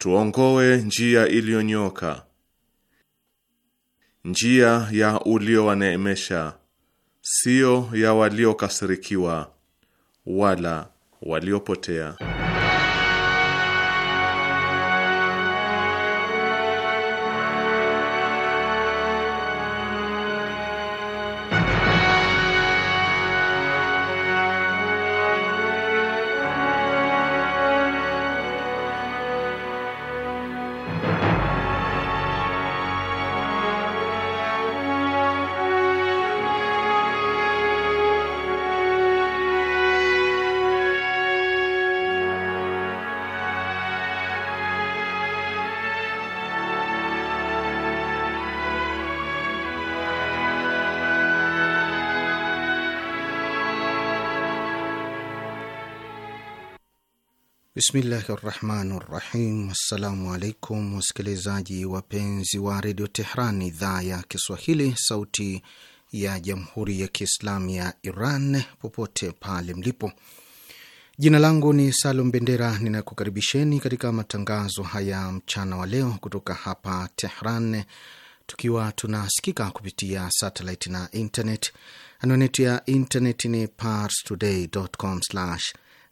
tuongoe njia iliyonyoka, njia ya uliowaneemesha, sio ya waliokasirikiwa wala waliopotea. Bismillahi rahmani rahim. Assalamu alaikum wasikilizaji wapenzi wa redio Tehran, idhaa ya Kiswahili, sauti ya jamhuri ya Kiislamu ya Iran, popote pale mlipo. Jina langu ni Salum Bendera, ninakukaribisheni katika matangazo haya mchana wa leo kutoka hapa Tehran, tukiwa tunasikika kupitia satellite na internet. Anwani ya internet ni parstoday.com slash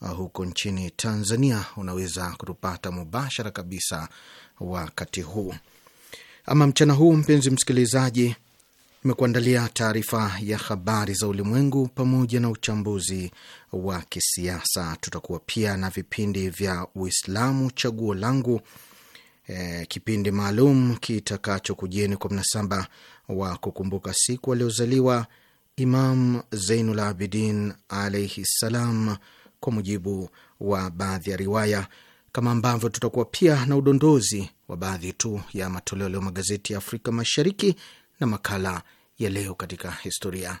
Uh, huko nchini Tanzania, unaweza kutupata mubashara kabisa wakati huu. Ama mchana huu, mpenzi msikilizaji, imekuandalia taarifa ya habari za ulimwengu pamoja na uchambuzi wa kisiasa. Tutakuwa pia na vipindi vya Uislamu chaguo langu, e, kipindi maalum kitakacho kujieni kwa mnasaba wa kukumbuka siku aliozaliwa Imam Zeinul Abidin alaihi ssalam kwa mujibu wa baadhi ya riwaya, kama ambavyo tutakuwa pia na udondozi wa baadhi tu ya matoleo leo magazeti ya Afrika Mashariki na makala ya leo katika historia.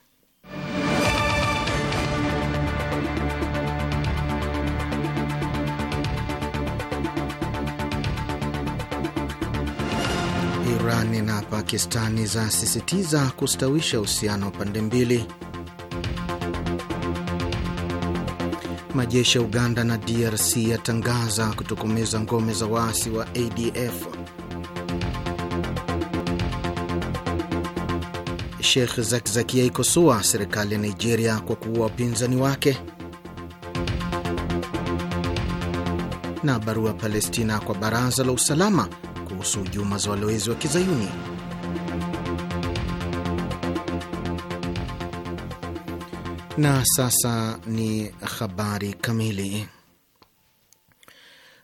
Pakistani zasisitiza kustawisha uhusiano wa pande mbili. Majeshi ya Uganda na DRC yatangaza kutokomeza ngome za waasi wa ADF. Sheikh Zakzakia ikosoa serikali ya Nigeria kwa kuua wapinzani wake, na barua Palestina kwa baraza la usalama kuhusu hujuma za walowezi wa kizayuni. Na sasa ni habari kamili.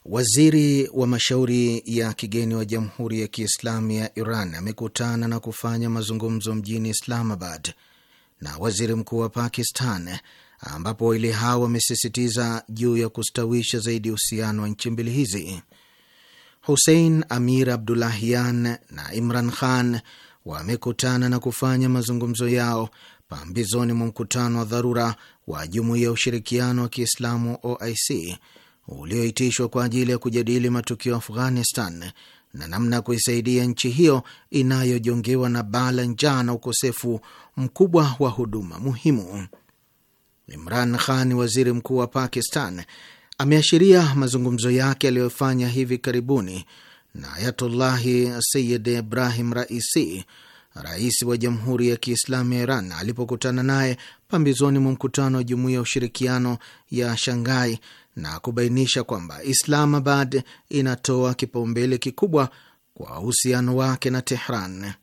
Waziri wa mashauri ya kigeni wa Jamhuri ya Kiislamu ya Iran amekutana na kufanya mazungumzo mjini Islamabad na waziri mkuu wa Pakistan, ambapo wawili hao wamesisitiza juu ya kustawisha zaidi uhusiano wa nchi mbili hizi. husein Amir Abdullahian na Imran Khan wamekutana na kufanya mazungumzo yao pambizoni mwa mkutano wa dharura wa Jumuiya ya Ushirikiano wa Kiislamu OIC ulioitishwa kwa ajili ya kujadili matukio ya Afghanistan na namna ya kuisaidia nchi hiyo inayojongewa na baa la njaa na ukosefu mkubwa wa huduma muhimu. Imran Khan, waziri mkuu wa Pakistan, ameashiria mazungumzo yake aliyofanya hivi karibuni na Ayatullahi Sayid Ibrahim Raisi, rais wa Jamhuri ya Kiislamu ya Iran alipokutana naye pambizoni mwa mkutano wa Jumuiya ya Ushirikiano ya Shanghai na kubainisha kwamba Islamabad inatoa kipaumbele kikubwa kwa uhusiano wake na Tehran.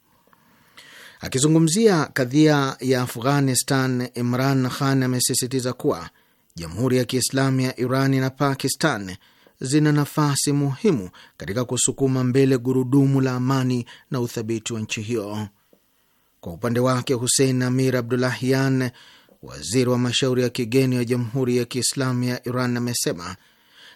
Akizungumzia kadhia ya Afghanistan, Imran Khan amesisitiza kuwa Jamhuri ya Kiislamu ya Iran na Pakistan zina nafasi muhimu katika kusukuma mbele gurudumu la amani na uthabiti wa nchi hiyo. Kwa upande wake, Hussein Amir Abdulahian, waziri wa mashauri ya kigeni wa Jamhuri ya Kiislamu ya Iran, amesema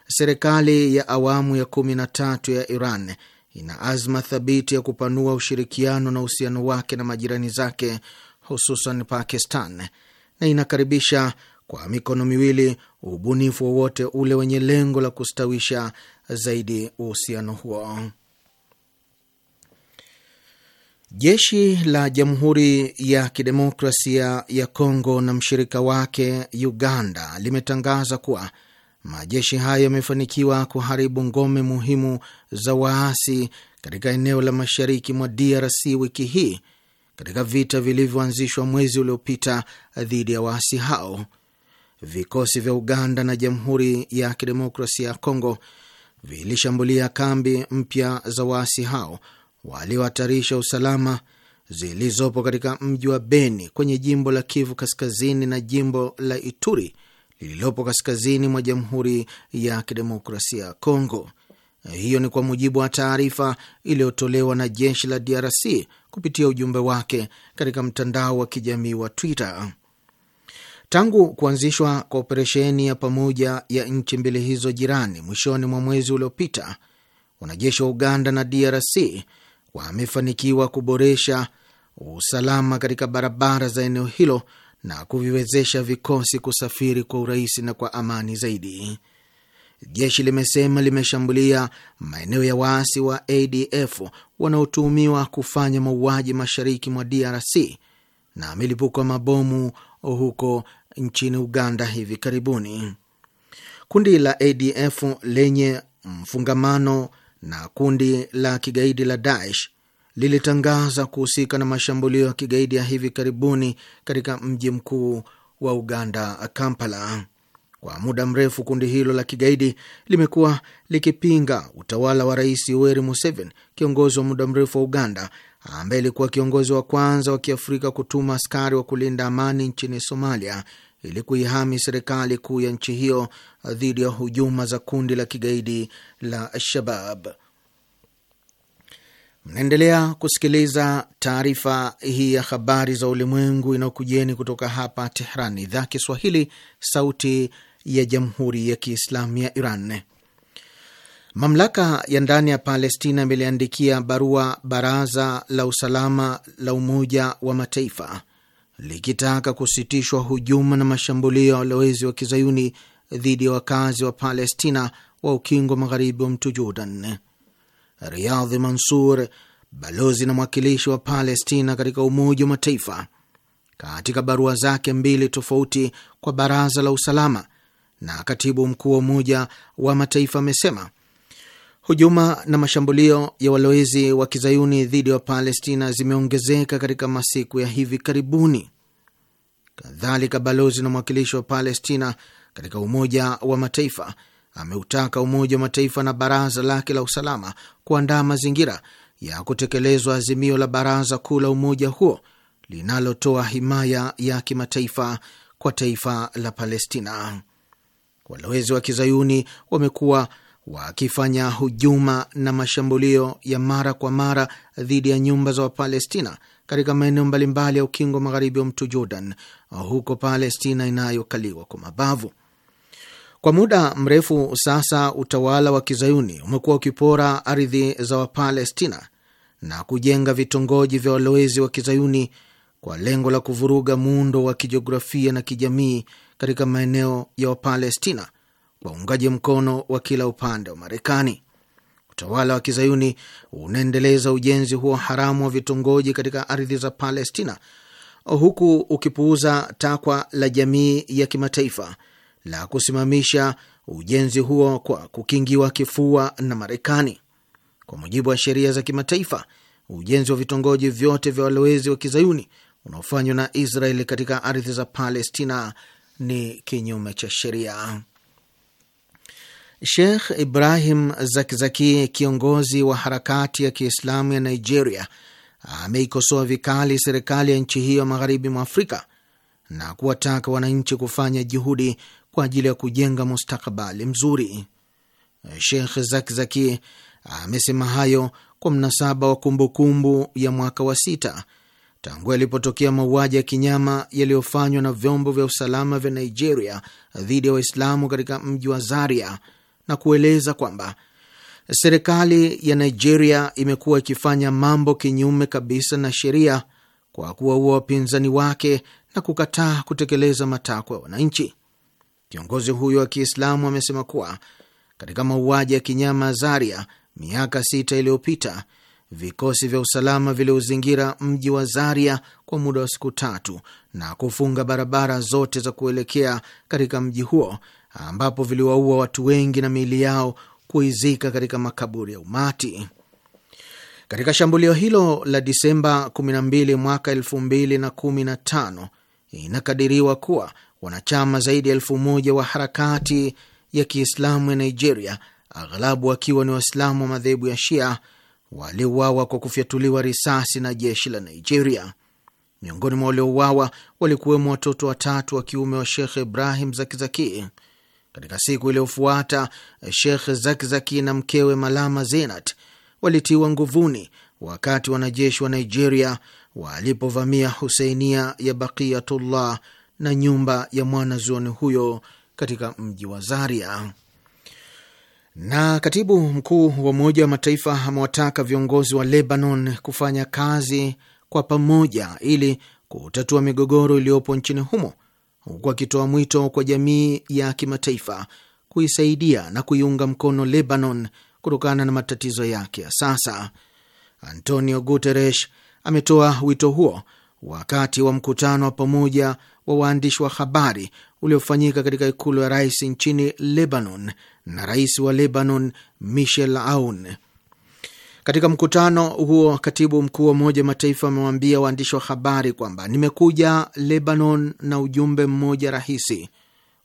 serikali ya awamu ya kumi na tatu ya Iran ina azma thabiti ya kupanua ushirikiano na uhusiano wake na majirani zake hususan Pakistan na inakaribisha kwa mikono miwili ubunifu wowote ule wenye lengo la kustawisha zaidi uhusiano huo. Jeshi la Jamhuri ya Kidemokrasia ya Kongo na mshirika wake Uganda limetangaza kuwa majeshi hayo yamefanikiwa kuharibu ngome muhimu za waasi katika eneo la mashariki mwa DRC wiki hii katika vita vilivyoanzishwa mwezi uliopita dhidi ya waasi hao. Vikosi vya Uganda na Jamhuri ya Kidemokrasia ya Kongo vilishambulia kambi mpya za waasi hao waliohatarisha usalama zilizopo katika mji wa Beni kwenye jimbo la Kivu Kaskazini na jimbo la Ituri lililopo kaskazini mwa Jamhuri ya Kidemokrasia ya Kongo. Hiyo ni kwa mujibu wa taarifa iliyotolewa na jeshi la DRC kupitia ujumbe wake katika mtandao wa kijamii wa Twitter. Tangu kuanzishwa kwa operesheni ya pamoja ya nchi mbili hizo jirani mwishoni mwa mwezi uliopita, wanajeshi wa Uganda na DRC wamefanikiwa kuboresha usalama katika barabara za eneo hilo na kuviwezesha vikosi kusafiri kwa urahisi na kwa amani zaidi. Jeshi limesema limeshambulia maeneo ya waasi wa ADF wanaotuhumiwa kufanya mauaji mashariki mwa DRC na milipuko ya mabomu huko nchini Uganda hivi karibuni. Kundi la ADF lenye mfungamano na kundi la kigaidi la Daesh lilitangaza kuhusika na mashambulio ya kigaidi ya hivi karibuni katika mji mkuu wa Uganda, Kampala. Kwa muda mrefu kundi hilo la kigaidi limekuwa likipinga utawala wa Rais Yoweri Museveni, kiongozi wa muda mrefu wa Uganda, ambaye alikuwa kiongozi wa kwanza wa Kiafrika kutuma askari wa kulinda amani nchini Somalia ili kuihami serikali kuu ya nchi hiyo dhidi ya hujuma za kundi la kigaidi la Shabab. Mnaendelea kusikiliza taarifa hii ya habari za ulimwengu inayokujieni kutoka hapa Tehran, idhaa Kiswahili, sauti ya jamhuri ya kiislamu ya Iran. Mamlaka ya ndani ya Palestina imeliandikia barua baraza la usalama la Umoja wa Mataifa likitaka kusitishwa hujuma na mashambulio ya walowezi wa kizayuni dhidi ya wakazi wa Palestina wa ukingo magharibi wa mto Jordan. Riyadhi Mansur, balozi na mwakilishi wa Palestina katika Umoja wa Mataifa, katika barua zake mbili tofauti kwa Baraza la Usalama na katibu mkuu wa Umoja wa Mataifa amesema Hujuma na mashambulio ya walowezi wa kizayuni dhidi ya Wapalestina zimeongezeka katika masiku ya hivi karibuni. Kadhalika, balozi na mwakilishi wa Palestina katika Umoja wa Mataifa ameutaka Umoja wa Mataifa na baraza lake la usalama kuandaa mazingira ya kutekelezwa azimio la Baraza Kuu la umoja huo linalotoa himaya ya kimataifa kwa taifa la Palestina. Walowezi wa kizayuni wamekuwa wakifanya hujuma na mashambulio ya mara kwa mara dhidi ya nyumba za Wapalestina katika maeneo mbalimbali ya ukingo magharibi wa mto Jordan huko Palestina inayokaliwa kwa mabavu. Kwa muda mrefu sasa, utawala wa kizayuni umekuwa ukipora ardhi za Wapalestina na kujenga vitongoji vya walowezi wa kizayuni kwa lengo la kuvuruga muundo wa kijiografia na kijamii katika maeneo ya Wapalestina waungaji mkono wa kila upande wa Marekani. Utawala wa kizayuni unaendeleza ujenzi huo haramu wa vitongoji katika ardhi za Palestina, huku ukipuuza takwa la jamii ya kimataifa la kusimamisha ujenzi huo kwa kukingiwa kifua na Marekani. Kwa mujibu wa sheria za kimataifa, ujenzi wa vitongoji vyote vya walowezi wa kizayuni unaofanywa na Israeli katika ardhi za Palestina ni kinyume cha sheria. Sheikh Ibrahim Zakzaki, kiongozi wa harakati ya Kiislamu ya Nigeria, ameikosoa vikali serikali ya nchi hiyo magharibi mwa Afrika na kuwataka wananchi kufanya juhudi kwa ajili ya kujenga mustakabali mzuri. Sheikh Zakzaki amesema hayo kwa mnasaba wa kumbukumbu kumbu ya mwaka wa sita tangu yalipotokea mauaji ya kinyama yaliyofanywa na vyombo vya usalama vya Nigeria dhidi ya Waislamu katika mji wa Zaria na kueleza kwamba serikali ya Nigeria imekuwa ikifanya mambo kinyume kabisa na sheria kwa kuwaua wapinzani wake na kukataa kutekeleza matakwa ya wananchi. Kiongozi huyo wa Kiislamu amesema kuwa katika mauaji ya kinyama Zaria miaka sita iliyopita vikosi vya usalama viliozingira mji wa Zaria kwa muda wa siku tatu na kufunga barabara zote za kuelekea katika mji huo ambapo viliwaua watu wengi na miili yao kuizika katika makaburi ya umati. Katika shambulio hilo la Disemba 12 mwaka 2015 inakadiriwa kuwa wanachama zaidi ya elfu moja wa harakati ya Kiislamu ya Nigeria, aghlabu wakiwa ni Waislamu wa madhehebu ya Shia, waliuawa kwa kufyatuliwa risasi na jeshi la Nigeria. Miongoni mwa waliouawa walikuwemo watoto watatu wa kiume wa Shekh Ibrahim Zakizaki. Katika siku iliyofuata, Shekh Zakzaki na mkewe Malama Zenat walitiwa nguvuni wakati wanajeshi wa Nigeria walipovamia Huseinia ya Bakiyatullah na nyumba ya mwanazuoni huyo katika mji wa Zaria. Na katibu mkuu wa Umoja wa Mataifa amewataka viongozi wa Lebanon kufanya kazi kwa pamoja ili kutatua migogoro iliyopo nchini humo huku akitoa mwito kwa jamii ya kimataifa kuisaidia na kuiunga mkono Lebanon kutokana na matatizo yake ya sasa. Antonio Guterres ametoa wito huo wakati wa mkutano wa pamoja wa waandishi wa habari uliofanyika katika ikulu ya rais nchini Lebanon na rais wa Lebanon Michel Aoun. Katika mkutano huo, katibu mkuu wa Umoja wa Mataifa amewaambia waandishi wa habari kwamba nimekuja Lebanon na ujumbe mmoja rahisi: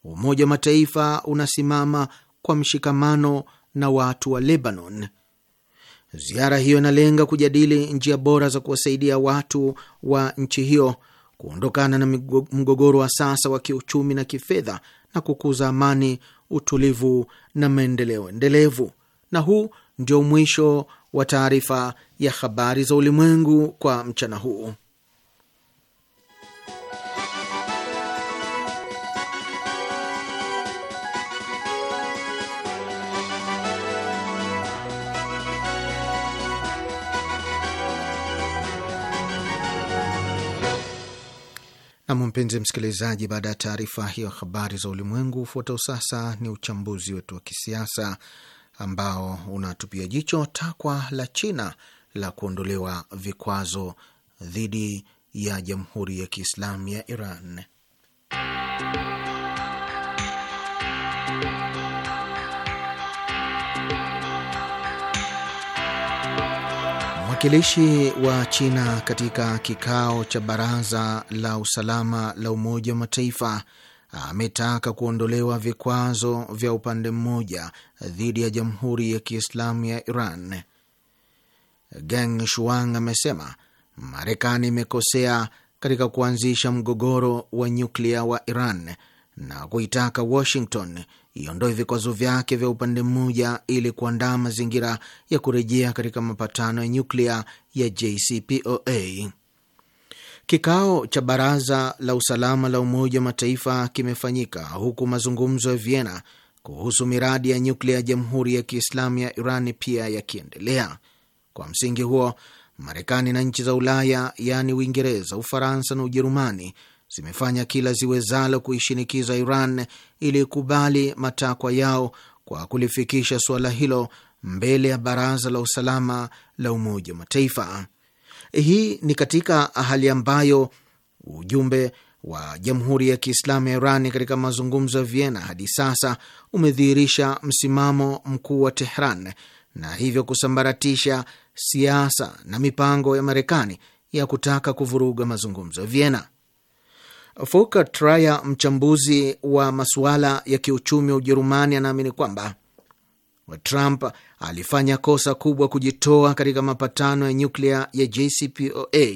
Umoja wa Mataifa unasimama kwa mshikamano na watu wa Lebanon. Ziara hiyo inalenga kujadili njia bora za kuwasaidia watu wa nchi hiyo kuondokana na mgogoro wa sasa wa kiuchumi na kifedha na kukuza amani, utulivu na maendeleo endelevu. Na huu ndio mwisho wa taarifa ya habari za ulimwengu kwa mchana huu. Nam, mpenzi msikilizaji, baada ya taarifa hiyo habari za ulimwengu, ufuatao sasa ni uchambuzi wetu wa kisiasa ambao unatupia jicho takwa la China la kuondolewa vikwazo dhidi ya Jamhuri ya Kiislamu ya Iran. Mwakilishi wa China katika kikao cha Baraza la Usalama la Umoja wa Mataifa ametaka kuondolewa vikwazo vya upande mmoja dhidi ya Jamhuri ya Kiislamu ya Iran. Geng Shuang amesema Marekani imekosea katika kuanzisha mgogoro wa nyuklia wa Iran na kuitaka Washington iondoe vikwazo vyake vya upande mmoja ili kuandaa mazingira ya kurejea katika mapatano ya nyuklia ya JCPOA. Kikao cha Baraza la Usalama la Umoja wa Mataifa kimefanyika huku mazungumzo ya Vienna kuhusu miradi ya nyuklia ya Jamhuri ya Kiislamu ya Iran pia yakiendelea. Kwa msingi huo, Marekani na nchi za Ulaya yaani Uingereza, Ufaransa na Ujerumani zimefanya kila ziwezalo kuishinikiza Iran ili kubali matakwa yao kwa kulifikisha suala hilo mbele ya Baraza la Usalama la Umoja wa Mataifa. Hii ni katika hali ambayo ujumbe wa Jamhuri ya Kiislamu ya irani katika mazungumzo ya Vienna hadi sasa umedhihirisha msimamo mkuu wa Tehran na hivyo kusambaratisha siasa na mipango ya Marekani ya kutaka kuvuruga mazungumzo ya Vienna. Volker Trier, mchambuzi wa masuala ya kiuchumi wa Ujerumani, anaamini kwamba Trump alifanya kosa kubwa kujitoa katika mapatano ya nyuklia ya JCPOA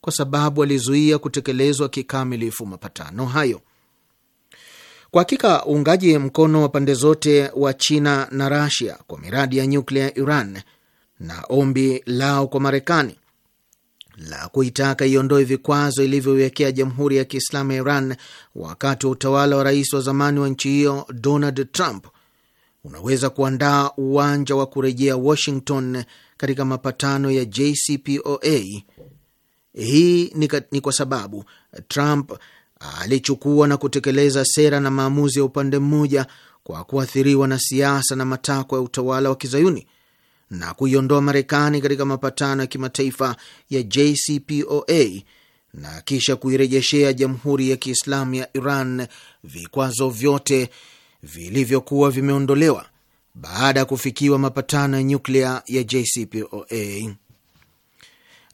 kwa sababu alizuia kutekelezwa kikamilifu mapatano hayo. Kwa hakika uungaji mkono wa pande zote wa China na Rasia kwa miradi ya nyuklia ya Iran na ombi lao kwa Marekani la kuitaka iondoe vikwazo ilivyoiwekea Jamhuri ya Kiislamu ya Iran wakati wa utawala wa rais wa zamani wa nchi hiyo Donald Trump unaweza kuandaa uwanja wa kurejea Washington katika mapatano ya JCPOA. Hii ni, ni kwa sababu Trump alichukua na kutekeleza sera na maamuzi ya upande mmoja kwa kuathiriwa na siasa na matakwa ya utawala wa kizayuni na kuiondoa Marekani katika mapatano ya kimataifa ya JCPOA na kisha kuirejeshea Jamhuri ya Kiislamu ya Iran vikwazo vyote vilivyokuwa vimeondolewa baada ya kufikiwa mapatano ya nyuklia ya JCPOA.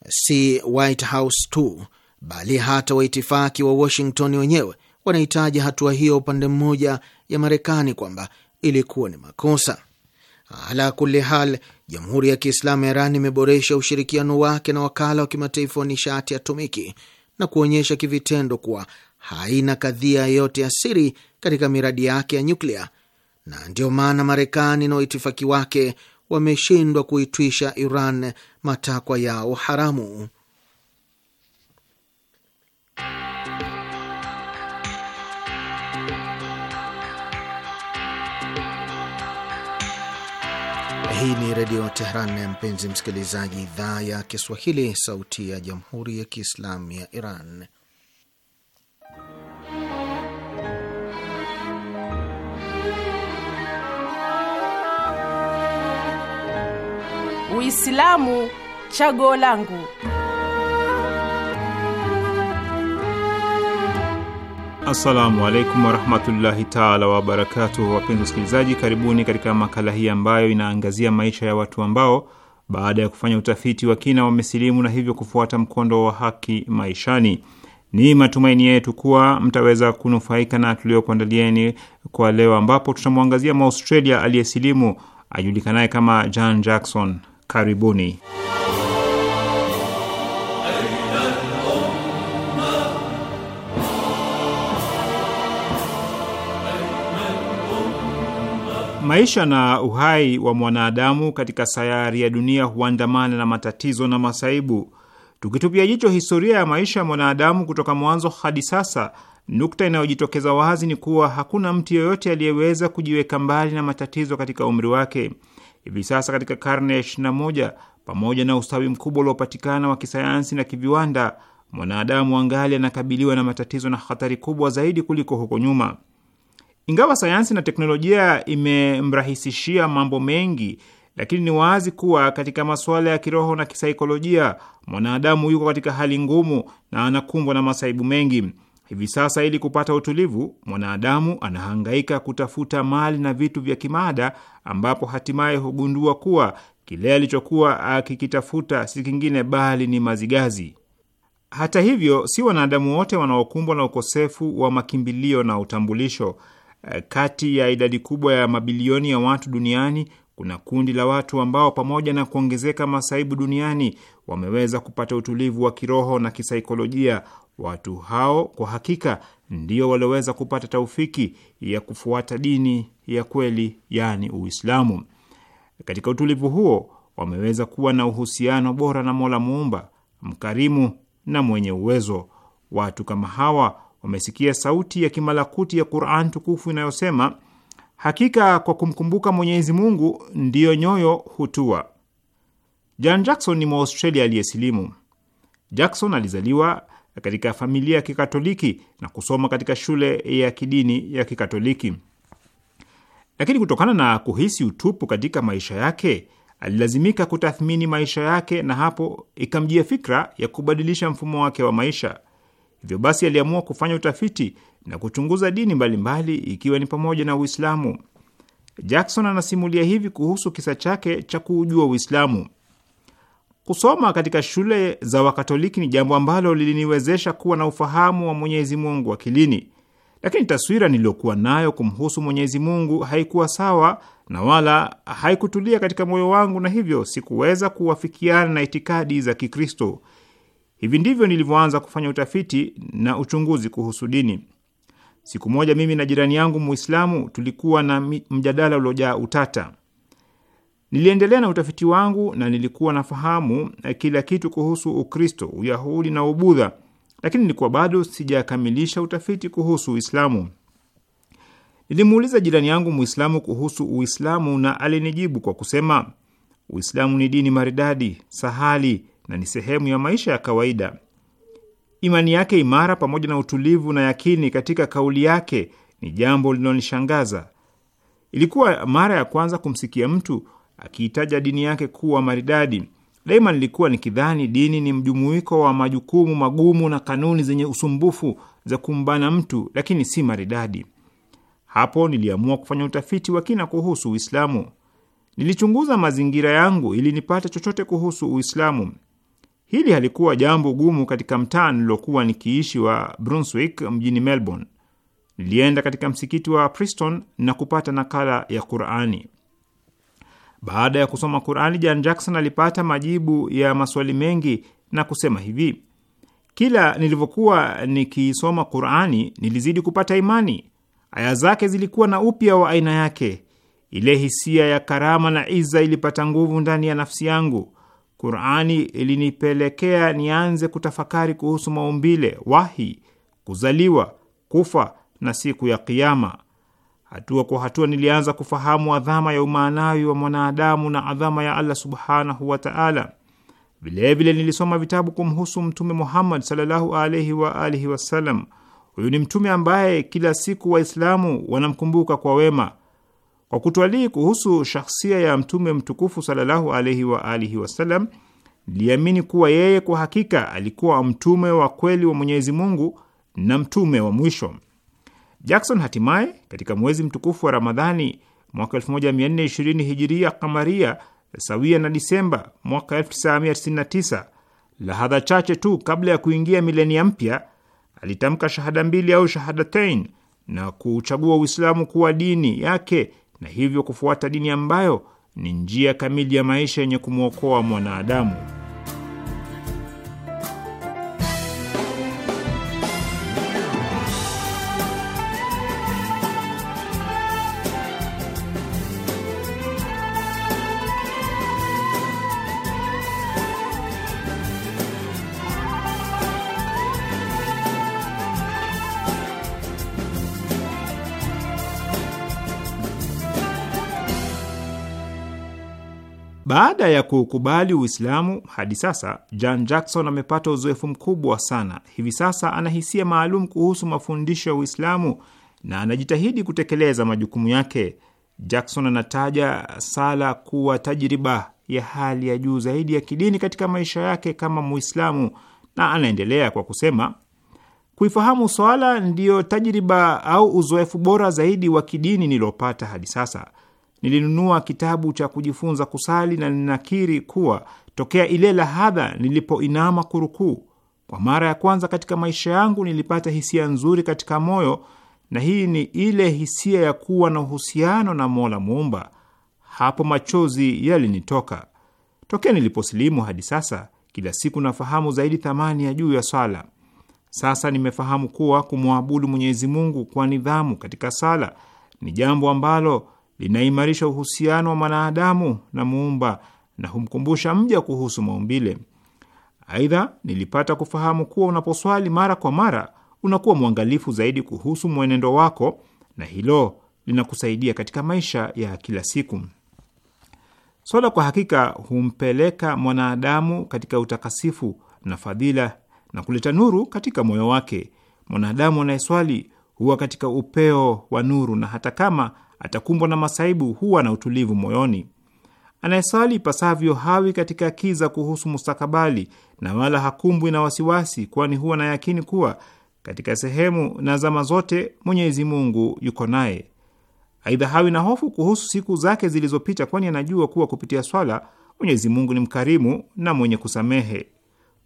Si White House tu bali hata waitifaki wa Washington wenyewe wanahitaji hatua hiyo upande mmoja ya Marekani kwamba ilikuwa ni makosa. Ala kuli hal, Jamhuri ya Kiislamu ya Iran imeboresha ushirikiano wake na wakala wa kimataifa wa nishati atomiki na kuonyesha kivitendo kuwa haina kadhia yote ya siri katika miradi yake ya nyuklia, na ndio maana Marekani na waitifaki wake wameshindwa kuitwisha Iran matakwa yao haramu. Hii ni Redio Tehran, mpenzi msikilizaji, idhaa ya Kiswahili, sauti ya Jamhuri ya Kiislamu ya Iran. Uislamu chaguo langu. Assalamu alaikum warahmatullahi taala wabarakatuh. Wapenzi wasikilizaji, karibuni katika makala hii ambayo inaangazia maisha ya watu ambao baada ya kufanya utafiti wa kina wamesilimu na hivyo kufuata mkondo wa haki maishani. Ni matumaini yetu kuwa mtaweza kunufaika na tuliokuandalieni kwa leo, ambapo tutamwangazia maustralia aliyesilimu ajulikanaye kama John Jackson. Karibuni. Maisha na uhai wa mwanadamu katika sayari ya dunia huandamana na matatizo na masaibu. Tukitupia jicho historia ya maisha ya mwanadamu kutoka mwanzo hadi sasa, nukta inayojitokeza wazi ni kuwa hakuna mtu yeyote aliyeweza kujiweka mbali na matatizo katika umri wake hivi sasa katika karne ya 21, pamoja na ustawi mkubwa uliopatikana wa kisayansi na kiviwanda, mwanadamu angali anakabiliwa na matatizo na hatari kubwa zaidi kuliko huko nyuma. Ingawa sayansi na teknolojia imemrahisishia mambo mengi, lakini ni wazi kuwa katika masuala ya kiroho na kisaikolojia, mwanadamu yuko katika hali ngumu na anakumbwa na masaibu mengi. Hivi sasa ili kupata utulivu, mwanadamu anahangaika kutafuta mali na vitu vya kimaada, ambapo hatimaye hugundua kuwa kile alichokuwa akikitafuta si kingine bali ni mazigazi. Hata hivyo, si wanadamu wote wanaokumbwa na ukosefu wa makimbilio na utambulisho. Kati ya idadi kubwa ya mabilioni ya watu duniani kuna kundi la watu ambao pamoja na kuongezeka masaibu duniani wameweza kupata utulivu wa kiroho na kisaikolojia Watu hao kwa hakika ndio walioweza kupata taufiki ya kufuata dini ya kweli, yaani Uislamu. Katika utulivu huo wameweza kuwa na uhusiano bora na Mola muumba mkarimu na mwenye uwezo. Watu kama hawa wamesikia sauti ya kimalakuti ya Quran tukufu inayosema, hakika kwa kumkumbuka Mwenyezi Mungu ndiyo nyoyo hutua. Jan Jackson ni Mwaustralia aliyesilimu. Jackson alizaliwa katika familia ya Kikatoliki na kusoma katika shule ya kidini ya Kikatoliki. Lakini kutokana na kuhisi utupu katika maisha yake, alilazimika kutathmini maisha yake, na hapo ikamjia fikra ya kubadilisha mfumo wake wa maisha. Hivyo basi, aliamua kufanya utafiti na kuchunguza dini mbalimbali mbali, ikiwa ni pamoja na Uislamu. Jackson anasimulia hivi kuhusu kisa chake cha kuujua Uislamu. Kusoma katika shule za Wakatoliki ni jambo ambalo liliniwezesha kuwa na ufahamu wa Mwenyezi Mungu akilini, lakini taswira niliyokuwa nayo kumhusu Mwenyezi Mungu haikuwa sawa na wala haikutulia katika moyo wangu, na hivyo sikuweza kuwafikiana na itikadi za Kikristo. Hivi ndivyo nilivyoanza kufanya utafiti na uchunguzi kuhusu dini. Siku moja mimi na jirani yangu Muislamu tulikuwa na mjadala uliojaa utata. Niliendelea na utafiti wangu na nilikuwa nafahamu eh, kila kitu kuhusu Ukristo, Uyahudi na Ubudha, lakini nilikuwa bado sijakamilisha utafiti kuhusu Uislamu. Nilimuuliza jirani yangu Muislamu kuhusu Uislamu na alinijibu kwa kusema, Uislamu ni dini maridadi, sahali na ni sehemu ya maisha ya kawaida. Imani yake imara pamoja na utulivu na yakini katika kauli yake ni jambo linalonishangaza. Ilikuwa mara ya kwanza kumsikia mtu akiitaja dini yake kuwa maridadi. Daima nilikuwa nikidhani dini ni mjumuiko wa majukumu magumu na kanuni zenye usumbufu za kumbana mtu, lakini si maridadi. Hapo niliamua kufanya utafiti wa kina kuhusu Uislamu. Nilichunguza mazingira yangu ili nipate chochote kuhusu Uislamu. Hili halikuwa jambo gumu katika mtaa nililokuwa nikiishi wa Brunswick mjini Melbourne. Nilienda katika msikiti wa Preston na kupata nakala ya Qurani. Baada ya kusoma Qurani, Jan Jackson alipata majibu ya maswali mengi na kusema hivi: kila nilivyokuwa nikisoma Qurani nilizidi kupata imani. Aya zake zilikuwa na upya wa aina yake. Ile hisia ya karama na iza ilipata nguvu ndani ya nafsi yangu. Qurani ilinipelekea nianze kutafakari kuhusu maumbile, wahi, kuzaliwa, kufa na siku ya Kiama. Hatua kwa hatua nilianza kufahamu adhama ya umaanawi wa mwanadamu na adhama ya Allah subhanahu wa taala. Vilevile nilisoma vitabu kumhusu Mtume Muhammad sallallahu alaihi wa alihi wasallam. Huyu ni mtume ambaye kila siku Waislamu wanamkumbuka kwa wema. Kwa kutwalii kuhusu shahsia ya mtume mtukufu sallallahu alaihi wa alihi wasallam, niliamini kuwa yeye kwa hakika alikuwa mtume wa kweli wa Mwenyezi Mungu na mtume wa mwisho. Jackson hatimaye katika mwezi mtukufu wa Ramadhani mwaka 1420 hijiria kamaria sawia na Disemba mwaka 1999, lahadha chache tu kabla ya kuingia milenia mpya, alitamka shahada mbili au shahadatain na kuchagua Uislamu kuwa dini yake na hivyo kufuata dini ambayo ni njia kamili ya maisha yenye kumwokoa mwanadamu. Baada ya kuukubali Uislamu hadi sasa, John Jackson amepata uzoefu mkubwa sana. Hivi sasa ana hisia maalum kuhusu mafundisho ya Uislamu na anajitahidi kutekeleza majukumu yake. Jackson anataja sala kuwa tajriba ya hali ya juu zaidi ya kidini katika maisha yake kama Muislamu, na anaendelea kwa kusema, kuifahamu swala ndiyo tajriba au uzoefu bora zaidi wa kidini niliopata hadi sasa nilinunua kitabu cha kujifunza kusali na ninakiri kuwa tokea ile lahadha nilipoinama kurukuu, kwa mara ya kwanza katika maisha yangu nilipata hisia nzuri katika moyo, na hii ni ile hisia ya kuwa na uhusiano na Mola Muumba. Hapo machozi yalinitoka. Tokea niliposilimu hadi sasa, kila siku nafahamu zaidi thamani ya juu ya swala. Sasa nimefahamu kuwa kumwabudu Mwenyezi Mungu kwa nidhamu katika sala ni jambo ambalo linaimarisha uhusiano wa mwanadamu na muumba na humkumbusha mja kuhusu maumbile. Aidha, nilipata kufahamu kuwa unaposwali mara kwa mara unakuwa mwangalifu zaidi kuhusu mwenendo wako, na hilo linakusaidia katika maisha ya kila siku. Swala kwa hakika humpeleka mwanadamu katika utakasifu na fadhila na kuleta nuru katika moyo wake. Mwanadamu anayeswali huwa katika upeo wa nuru, na hata kama atakumbwa na masaibu, huwa na utulivu moyoni. Anayesali ipasavyo hawi katika kiza kuhusu mustakabali na wala hakumbwi na wasiwasi, kwani huwa na yakini kuwa katika sehemu na zama zote Mwenyezi Mungu yuko naye. Aidha, hawi na hofu kuhusu siku zake zilizopita, kwani anajua kuwa kupitia swala Mwenyezi Mungu ni mkarimu na mwenye kusamehe.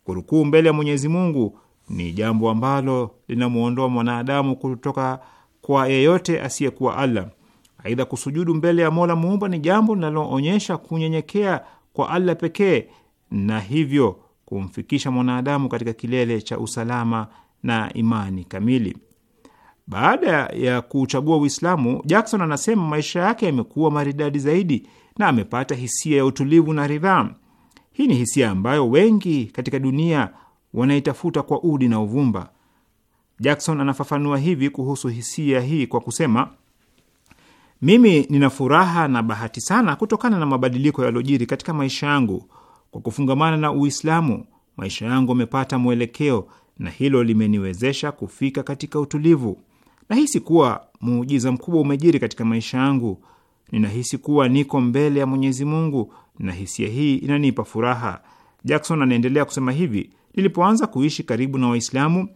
Kurukuu mbele ya Mwenyezi Mungu ni jambo ambalo linamwondoa mwanadamu kutoka kwa yeyote asiyekuwa Allah. Aidha, kusujudu mbele ya Mola muumba ni jambo linaloonyesha kunyenyekea kwa Allah pekee na hivyo kumfikisha mwanadamu katika kilele cha usalama na imani kamili. Baada ya kuchagua Uislamu, Jackson anasema maisha yake yamekuwa maridadi zaidi na amepata hisia ya utulivu na ridhaa. Hii ni hisia ambayo wengi katika dunia wanaitafuta kwa udi na uvumba. Jackson anafafanua hivi kuhusu hisia hii kwa kusema mimi nina furaha na bahati sana kutokana na mabadiliko yaliyojiri katika maisha yangu. Kwa kufungamana na Uislamu, maisha yangu yamepata mwelekeo na hilo limeniwezesha kufika katika utulivu. Nahisi kuwa muujiza mkubwa umejiri katika maisha yangu. Ninahisi kuwa niko mbele ya Mwenyezi Mungu na hisia hii inanipa furaha. Jackson anaendelea kusema hivi: nilipoanza kuishi karibu na Waislamu,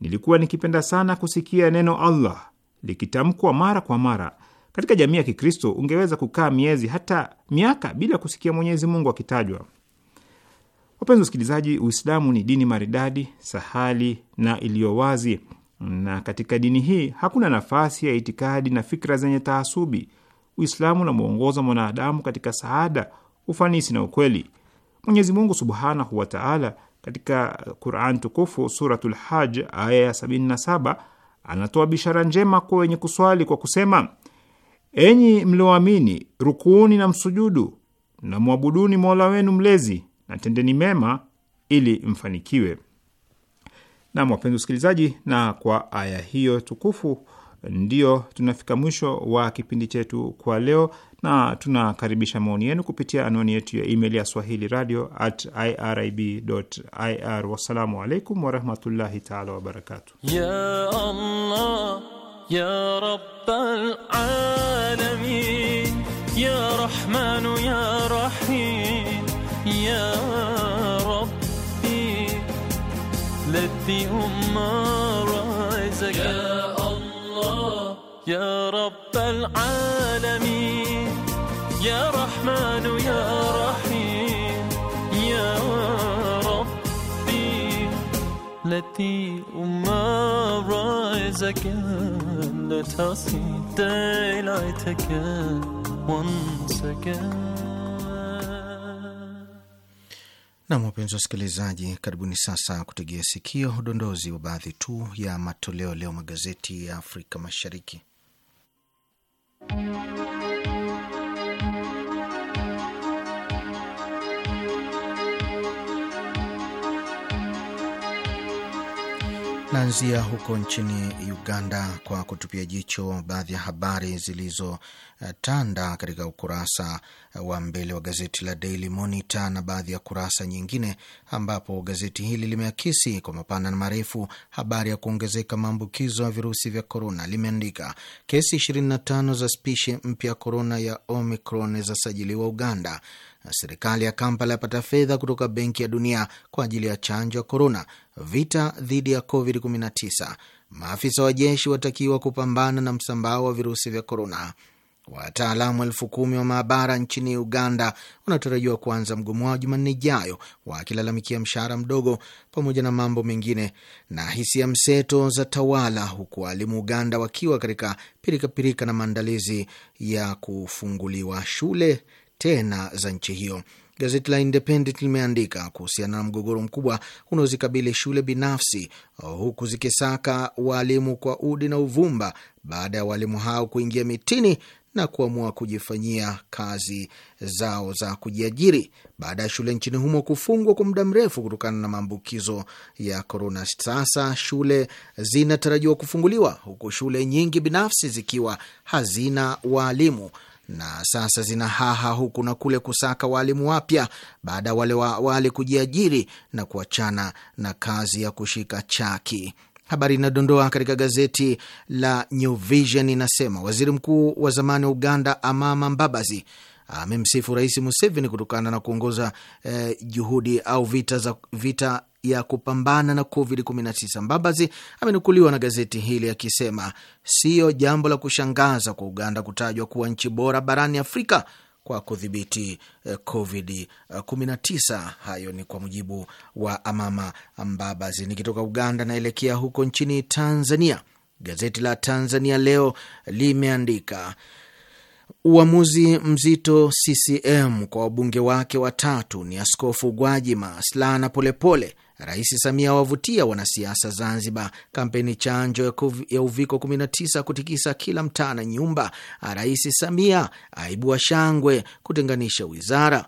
nilikuwa nikipenda sana kusikia neno Allah likitamkwa mara kwa mara katika jamii ya Kikristo ungeweza kukaa miezi hata miaka bila kusikia Mwenyezi Mungu akitajwa. Wapenzi wasikilizaji, Uislamu ni dini maridadi, sahali na iliyo wazi, na katika dini hii hakuna nafasi ya itikadi na fikra zenye taasubi. Uislamu unamwongoza mwanadamu katika saada, ufanisi na ukweli. Mwenyezi Mungu subhanahu wa taala katika Quran tukufu Suratul Haj aya ya 77 anatoa bishara njema kwa wenye kuswali kwa kusema Enyi mlioamini, rukuuni na msujudu na mwabuduni Mola wenu mlezi na tendeni mema ili mfanikiwe. Nam, wapenzi usikilizaji, na kwa aya hiyo tukufu ndio tunafika mwisho wa kipindi chetu kwa leo, na tunakaribisha maoni yenu kupitia anwani yetu ya email ya swahili radio at irib.ir. Wassalamu alaikum warahmatullahi taala wabarakatu ya Allah. يا رب العالمين يا رحمن يا رحيم يا ربي الذي هم رزقك يا الله يا رب العالمين يا رحمن يا رحيم رحلتي وما رايزك لا تعصي دلعتك وانسك Nam, wapenzi wasikilizaji, karibuni sasa kutegea sikio udondozi wa baadhi tu ya matoleo leo magazeti ya Afrika Mashariki Naanzia huko nchini Uganda kwa kutupia jicho baadhi ya habari zilizotanda katika ukurasa wa mbele wa gazeti la Daily Monitor na baadhi ya kurasa nyingine, ambapo gazeti hili limeakisi kwa mapana na marefu habari ya kuongezeka maambukizo ya virusi vya korona. Limeandika kesi 25 za spishi mpya ya korona ya Omicron zasajiliwa Uganda serikali ya Kampala yapata fedha kutoka Benki ya Dunia kwa ajili ya chanjo ya korona, vita dhidi ya COVID-19, maafisa wa jeshi watakiwa kupambana na msambao wa virusi vya korona, wataalamu elfu kumi wa maabara nchini Uganda wanatarajiwa kuanza mgomo wao Jumanne ijayo, wakilalamikia mshahara mdogo, pamoja na mambo mengine, na hisia mseto za tawala, huku waalimu Uganda wakiwa katika pirikapirika na maandalizi ya kufunguliwa shule tena za nchi hiyo. Gazeti la Independent limeandika kuhusiana na mgogoro mkubwa unaozikabili shule binafsi huku zikisaka waalimu kwa udi na uvumba baada ya waalimu hao kuingia mitini na kuamua kujifanyia kazi zao za kujiajiri baada ya shule nchini humo kufungwa kwa muda mrefu kutokana na maambukizo ya korona. Sasa shule zinatarajiwa kufunguliwa huku shule nyingi binafsi zikiwa hazina waalimu na sasa zina haha huku na kule kusaka waalimu wapya baada ya wale wa awali kujiajiri na kuachana na kazi ya kushika chaki. Habari inadondoa katika gazeti la New Vision inasema waziri mkuu wa zamani wa Uganda Amama Mbabazi amemsifu Rais Museveni kutokana na kuongoza eh, juhudi au vita za, vita ya kupambana na COVID-19. Mbabazi amenukuliwa na gazeti hili akisema siyo jambo la kushangaza kwa Uganda kutajwa kuwa nchi bora barani Afrika kwa kudhibiti eh, COVID-19. Hayo ni kwa mujibu wa Amama Mbabazi. Nikitoka Uganda naelekea huko nchini Tanzania. Gazeti la Tanzania Leo limeandika uamuzi mzito CCM kwa wabunge wake watatu ni Askofu Gwajima, Slaa na Polepole Rais Samia wavutia wanasiasa Zanzibar. Kampeni chanjo ya uviko 19 kutikisa kila mtaa na nyumba. Rais Samia aibua shangwe kutenganisha wizara.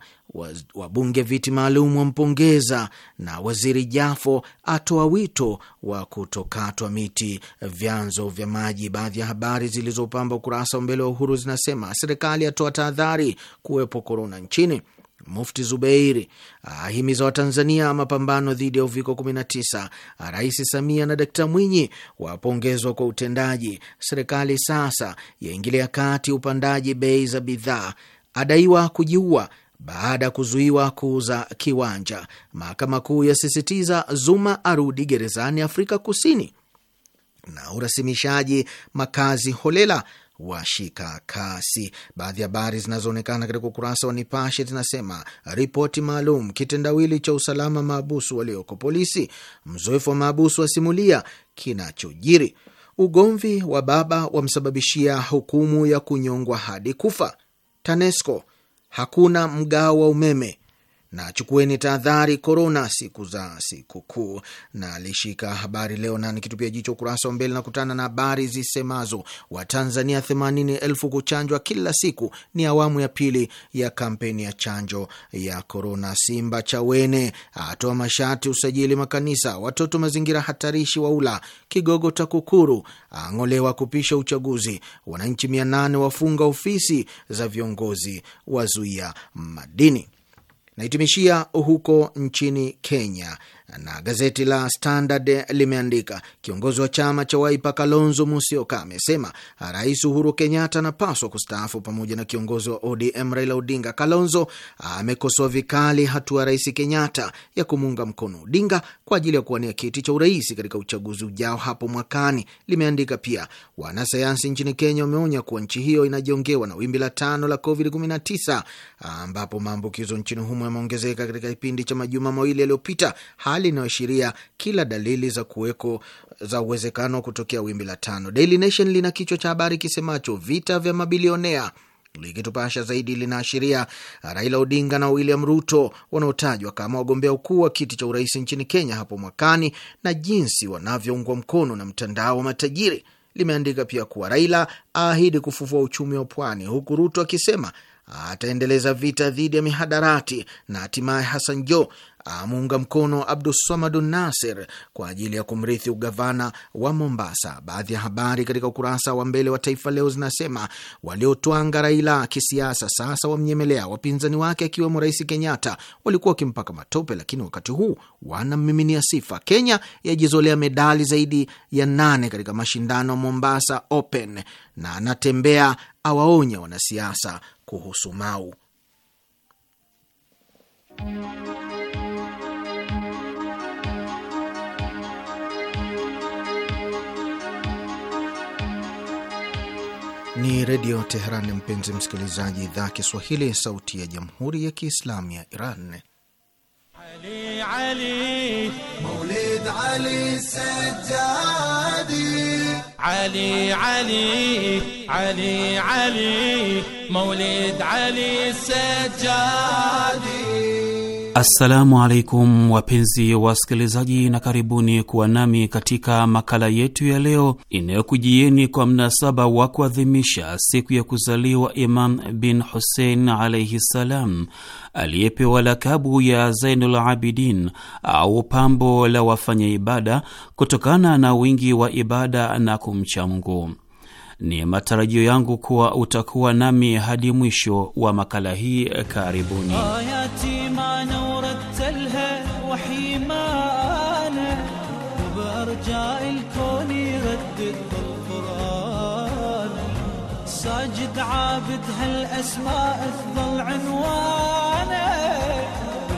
Wabunge viti maalum wampongeza, na waziri Jafo atoa wito wa kutokatwa miti vyanzo vya maji. Baadhi ya habari zilizopamba ukurasa wa mbele wa Uhuru zinasema serikali atoa tahadhari kuwepo korona nchini Mufti Zubeiri ahimiza Watanzania mapambano dhidi ya uviko 19. Rais Samia na dkta Mwinyi wapongezwa kwa utendaji. Serikali sasa yaingilia kati upandaji bei za bidhaa. Adaiwa kujiua baada ya kuzuiwa kuuza kiwanja. Mahakama Kuu yasisitiza Zuma arudi gerezani Afrika Kusini, na urasimishaji makazi holela washika kasi. Baadhi ya habari zinazoonekana katika ukurasa wa Nipashe zinasema ripoti maalum, kitendawili cha usalama maabusu walioko polisi, mzoefu wa maabusu asimulia kinachojiri, ugomvi wa baba wamsababishia hukumu ya kunyongwa hadi kufa, TANESCO hakuna mgao wa umeme na chukueni tahadhari korona siku za sikukuu. Na alishika habari leo na nikitupia jicho ukurasa wa mbele, nakutana na habari zisemazo Watanzania themanini elfu kuchanjwa kila siku, ni awamu ya pili ya kampeni ya chanjo ya korona. Simba Chawene atoa masharti usajili makanisa, watoto mazingira hatarishi waula, kigogo TAKUKURU ang'olewa kupisha uchaguzi, wananchi 8 wafunga ofisi za viongozi, wazuia madini Naitimishia huko nchini Kenya na gazeti la Standard limeandika kiongozi wa chama cha Waipa Kalonzo Musyoka amesema Rais Uhuru Kenyatta anapaswa kustaafu pamoja na kiongozi wa ODM Raila Odinga. Kalonzo amekosoa vikali hatua ya Rais Kenyatta ya kumuunga mkono Odinga kwa ajili ya kuwania kiti cha urais katika uchaguzi ujao hapo mwakani. Limeandika pia wanasayansi nchini Kenya wameonya kuwa nchi hiyo inajiongewa na wimbi la tano la COVID-19 ambapo maambukizo nchini humo yameongezeka katika kipindi cha majuma mawili yaliyopita hali hali inayoashiria kila dalili za kuweko za uwezekano wa kutokea wimbi la tano. Daily Nation lina kichwa cha habari kisemacho vita vya mabilionea. Likitupasha zaidi linaashiria Raila Odinga na William Ruto wanaotajwa kama wagombea ukuu wa kiti cha urais nchini Kenya hapo mwakani na jinsi wanavyoungwa mkono na mtandao wa matajiri. Limeandika pia kuwa Raila aahidi kufufua uchumi wa pwani, huku Ruto akisema ataendeleza vita dhidi ya mihadarati, na hatimaye Hassan Jo amuunga mkono abduswamadu Nasir kwa ajili ya kumrithi ugavana wa Mombasa. Baadhi ya habari katika ukurasa wa mbele wa Taifa Leo zinasema waliotwanga Raila kisiasa sasa wamnyemelea wapinzani wake akiwemo Rais Kenyatta. Walikuwa wakimpaka matope, lakini wakati huu wanammiminia sifa. Kenya yajizolea medali zaidi ya nane katika mashindano Mombasa Open na anatembea awaonya wanasiasa kuhusu mau Ni Redio Teheran, mpenzi msikilizaji, idhaa Kiswahili, sauti ya jamhuri ya kiislamu ya Iran. Ali, Ali, Maulid Ali Sajjadi. Ali, Ali, Ali, Ali, Maulid Ali Sajjadi Assalamu alaikum wapenzi wasikilizaji, na karibuni kuwa nami katika makala yetu ya leo inayokujieni kwa mnasaba wa kuadhimisha siku ya kuzaliwa Imam bin Hussein alaihi ssalam, aliyepewa lakabu ya Zainul Abidin au pambo la wafanya ibada kutokana na wingi wa ibada na kumcha Mungu. Ni matarajio yangu kuwa utakuwa nami hadi mwisho wa makala hii. Karibuni. الاسماء افضل عنوانك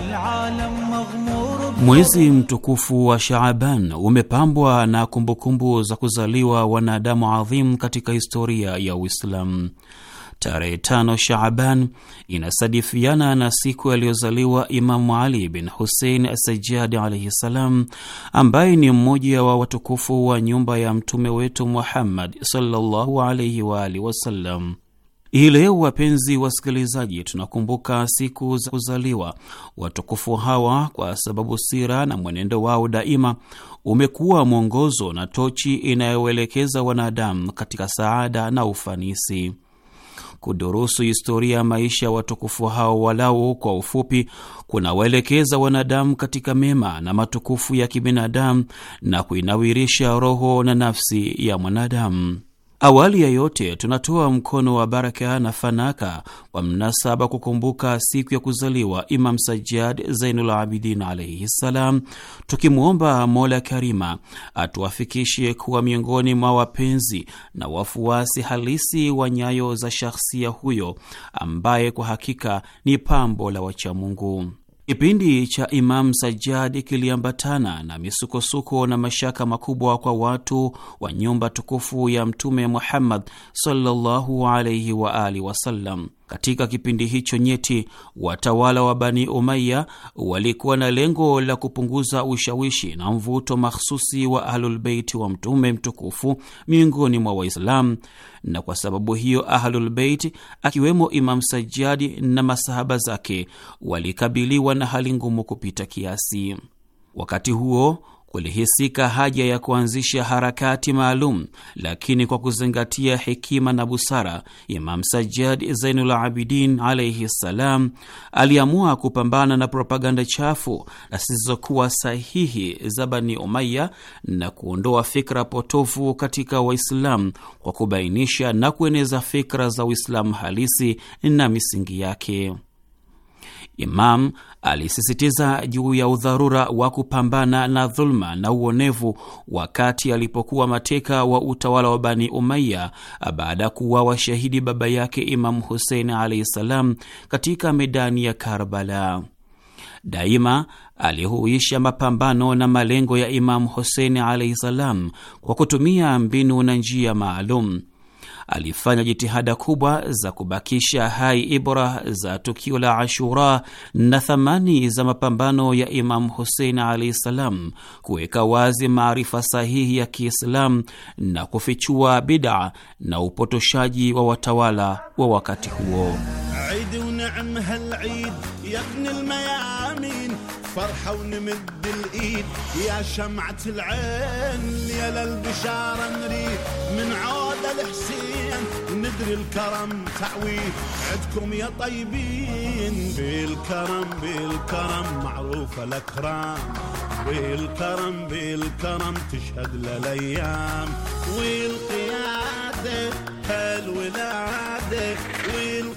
العالم مغمور Mwezi mtukufu wa Shaaban umepambwa na kumbukumbu kumbu za kuzaliwa wanadamu adhimu katika historia ya Uislamu. Tarehe tano Shaaban inasadifiana na siku aliyozaliwa Imamu Ali bin Husein Asajadi alaihi ssalam, ambaye ni mmoja wa watukufu wa nyumba ya mtume wetu Muhammad sallallahu alaihi waalihi wasallam. Hii leo wapenzi wasikilizaji, tunakumbuka siku za kuzaliwa watukufu hawa, kwa sababu sira na mwenendo wao daima umekuwa mwongozo na tochi inayoelekeza wanadamu katika saada na ufanisi. Kudurusu historia ya maisha ya watukufu hao walau kwa ufupi, kunawaelekeza wanadamu katika mema na matukufu ya kibinadamu na kuinawirisha roho na nafsi ya mwanadamu. Awali ya yote tunatoa mkono wa baraka na fanaka wa mnasaba kukumbuka siku ya kuzaliwa Imam Sajjad Zainul Abidin alaihi ssalam, tukimwomba Mola Karima atuafikishe kuwa miongoni mwa wapenzi na wafuasi halisi wa nyayo za shakhsia huyo ambaye kwa hakika ni pambo la wachamungu. Kipindi cha Imam Sajjad kiliambatana na misukosuko na mashaka makubwa kwa watu wa nyumba tukufu ya Mtume Muhammad sallallahu alaihi wa alihi wasallam. Katika kipindi hicho nyeti, watawala wa Bani Umaya walikuwa na lengo la kupunguza ushawishi na mvuto makhususi wa Ahlulbeiti wa Mtume mtukufu miongoni mwa Waislamu, na kwa sababu hiyo Ahlulbeiti akiwemo Imam Sajjadi na masahaba zake walikabiliwa na hali ngumu kupita kiasi. Wakati huo kulihisika haja ya kuanzisha harakati maalum, lakini kwa kuzingatia hekima na busara, Imam Sajjad Zainul Abidin alaihi ssalam aliamua kupambana na propaganda chafu na zisizokuwa sahihi za Bani Umaya na kuondoa fikra potofu katika Waislamu kwa kubainisha na kueneza fikra za Uislamu halisi na misingi yake. Imam alisisitiza juu ya udharura wa kupambana na dhuluma na uonevu wakati alipokuwa mateka wa utawala wa Bani Umaya baada ya kuwa shahidi baba yake Imamu Husein alaihi ssalam katika medani ya Karbala. Daima alihuisha mapambano na malengo ya Imamu Husein alaihi ssalam kwa kutumia mbinu na njia maalum alifanya jitihada kubwa za kubakisha hai ibra za tukio la Ashura na thamani za mapambano ya Imamu Husein alahi ssalam kuweka wazi maarifa sahihi ya Kiislamu na kufichua bidaa na upotoshaji wa watawala wa wakati huo. فرحة ونمد الإيد يا شمعة العين يا للبشارة نريد من عودة الحسين ندري الكرم تعويد عدكم يا طيبين بالكرم بالكرم معروفة الأكرام بالكرم بالكرم تشهد للأيام والقيادة هالولادة والقيادة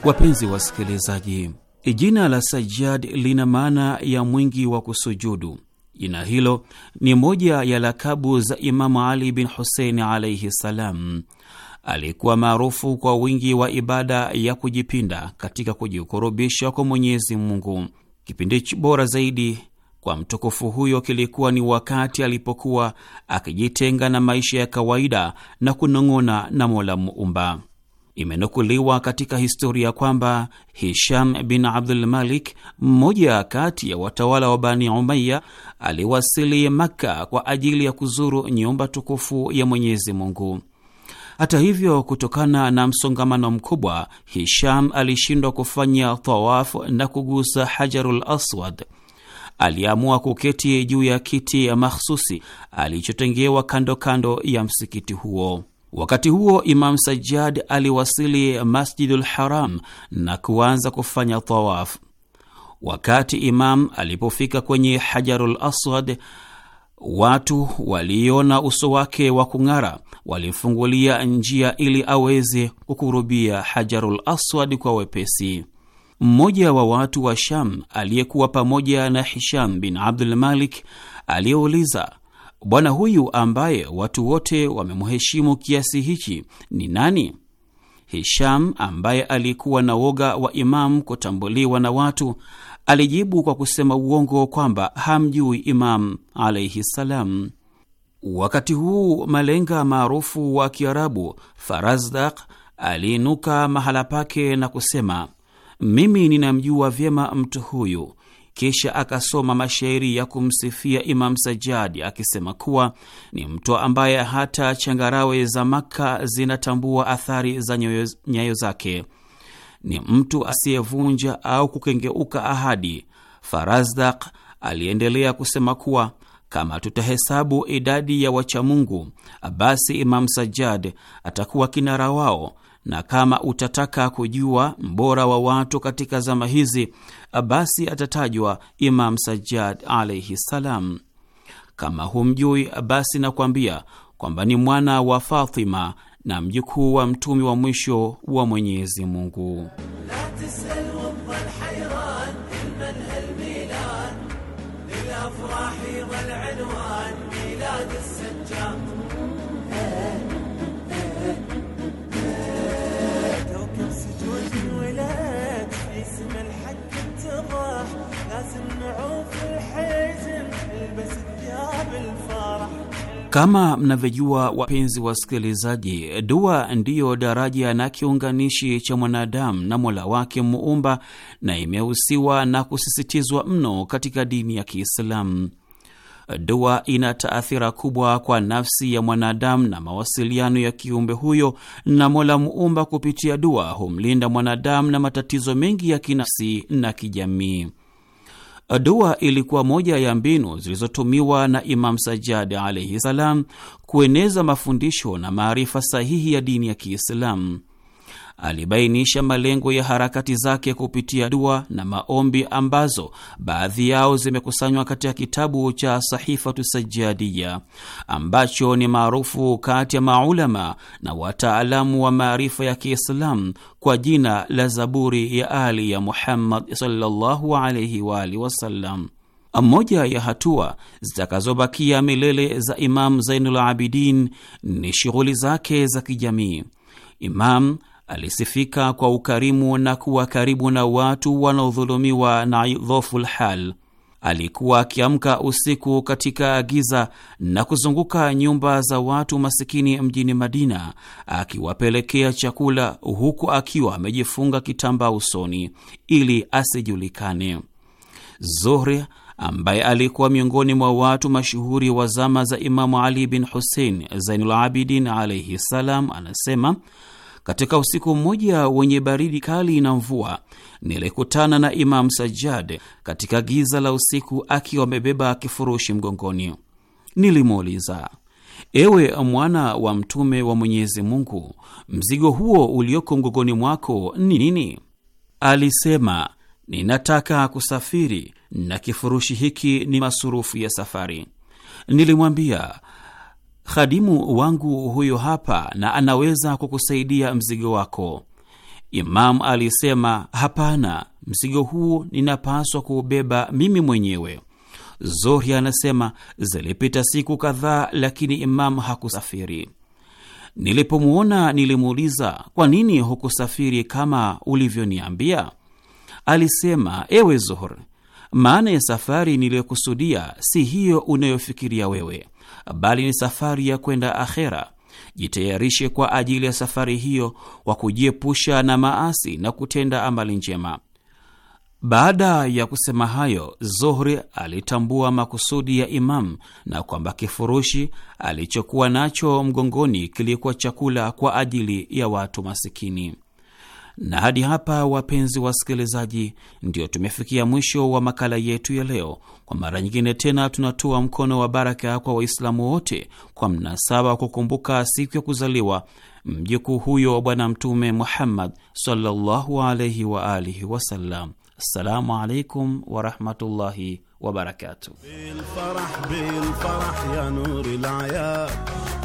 wapenzi wasikilizaji E, jina la Sajjad lina maana ya mwingi wa kusujudu. Jina hilo ni moja ya lakabu za Imamu Ali bin Husein alaihi salam. Alikuwa maarufu kwa wingi wa ibada ya kujipinda katika kujikurubisha kwa Mwenyezi Mungu. Kipindi bora zaidi kwa mtukufu huyo kilikuwa ni wakati alipokuwa akijitenga na maisha ya kawaida na kunong'ona na Mola Muumba. Imenukuliwa katika historia kwamba Hisham bin Abdul Malik, mmoja kati ya watawala wa Bani umaya aliwasili Makka kwa ajili ya kuzuru nyumba tukufu ya Mwenyezi Mungu. Hata hivyo, kutokana na msongamano mkubwa, Hisham alishindwa kufanya tawafu na kugusa Hajarul Aswad. Aliamua kuketi juu ya kiti ya makhsusi alichotengewa kando kando ya msikiti huo. Wakati huo Imam Sajjad aliwasili Masjidul Haram na kuanza kufanya tawaf. Wakati Imam alipofika kwenye Hajarul Aswad, watu waliona uso wake wa kung'ara, walimfungulia njia ili aweze kukurubia Hajarul Aswad kwa wepesi. Mmoja wa watu wa Sham aliyekuwa pamoja na Hisham bin Abdul Malik aliyeuliza Bwana huyu ambaye watu wote wamemheshimu kiasi hichi ni nani? Hisham ambaye alikuwa na woga wa Imamu kutambuliwa na watu alijibu kwa kusema uongo kwamba hamjui Imamu alaihi ssalam. Wakati huu malenga maarufu wa Kiarabu Farazdak aliinuka mahala pake na kusema, mimi ninamjua vyema mtu huyu kisha akasoma mashairi ya kumsifia Imam Sajadi akisema kuwa ni mtu ambaye hata changarawe za Maka zinatambua athari za nyayo zake. Ni mtu asiyevunja au kukengeuka ahadi. Farazdak aliendelea kusema kuwa kama tutahesabu idadi ya wachamungu, basi Imam Sajad atakuwa kinara wao na kama utataka kujua mbora wa watu katika zama hizi, basi atatajwa Imam Sajjad alaihi salam. Kama humjui, basi nakwambia kwamba ni mwana wa Fatima na mjukuu wa mtumi wa mwisho wa Mwenyezi Mungu. Kama mnavyojua wapenzi wasikilizaji, dua ndiyo daraja na kiunganishi cha mwanadamu na mola wake Muumba, na imehusiwa na kusisitizwa mno katika dini ya Kiislamu. Dua ina taathira kubwa kwa nafsi ya mwanadamu na mawasiliano ya kiumbe huyo na mola Muumba. Kupitia dua humlinda mwanadamu na matatizo mengi ya kinafsi na kijamii. Dua ilikuwa moja ya mbinu zilizotumiwa na Imam Sajjad alaihi salam kueneza mafundisho na maarifa sahihi ya dini ya Kiislamu alibainisha malengo ya harakati zake kupitia dua na maombi ambazo baadhi yao zimekusanywa katika kitabu cha Sahifatu Sajjadia ambacho ni maarufu kati ya maulama na wataalamu wa maarifa ya Kiislamu kwa jina la Zaburi ya Ali ya Muhammad sallallahu alaihi wa alihi wasallam. Moja ya hatua zitakazobakia milele za Imam Zainul Abidin ni shughuli zake za kijamii. Imamu alisifika kwa ukarimu na kuwa karibu na watu wanaodhulumiwa na idhofu lhal. Alikuwa akiamka usiku katika giza na kuzunguka nyumba za watu masikini mjini Madina akiwapelekea chakula, huku akiwa amejifunga kitambaa usoni ili asijulikane. Zuhri ambaye alikuwa miongoni mwa watu mashuhuri wa zama za Imamu Ali bin Husein Zainul Abidin alaihi salam, anasema katika usiku mmoja wenye baridi kali na mvua, nilikutana na Imamu Sajjad katika giza la usiku akiwa amebeba kifurushi mgongoni. Nilimuuliza, ewe mwana wa mtume wa Mwenyezi Mungu, mzigo huo ulioko mgongoni mwako ni nini? Alisema, ninataka kusafiri na kifurushi hiki ni masurufu ya safari. Nilimwambia, khadimu wangu huyo hapa na anaweza kukusaidia mzigo wako. Imamu alisema, hapana, mzigo huu ninapaswa kuubeba mimi mwenyewe. Zohri anasema zilipita siku kadhaa, lakini imamu hakusafiri. Nilipomwona nilimuuliza, kwa nini hukusafiri kama ulivyoniambia? Alisema, ewe Zohri, maana ya safari niliyokusudia si hiyo unayofikiria wewe bali ni safari ya kwenda akhera. Jitayarishe kwa ajili ya safari hiyo kwa kujiepusha na maasi na kutenda amali njema. Baada ya kusema hayo, Zuhri alitambua makusudi ya Imamu na kwamba kifurushi alichokuwa nacho mgongoni kilikuwa chakula kwa ajili ya watu masikini. Na hadi hapa, wapenzi wasikilizaji, ndio tumefikia mwisho wa makala yetu ya leo. Kwa mara nyingine tena, tunatoa mkono wa baraka kwa Waislamu wote kwa mnasaba wa kukumbuka siku ya kuzaliwa mjukuu huyo wa Bwana Mtume Muhammad sallallahu alaihi wa alihi wasallam. Assalamu alaikum warahmatullahi وبركاته بالفرح بالفرح يا نور العيال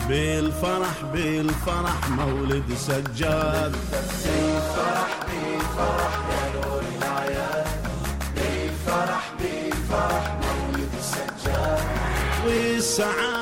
بالفرح بالفرح مولد سجاد بالفرح بالفرح يا نور العيال بالفرح بالفرح مولد سجاد والسعادة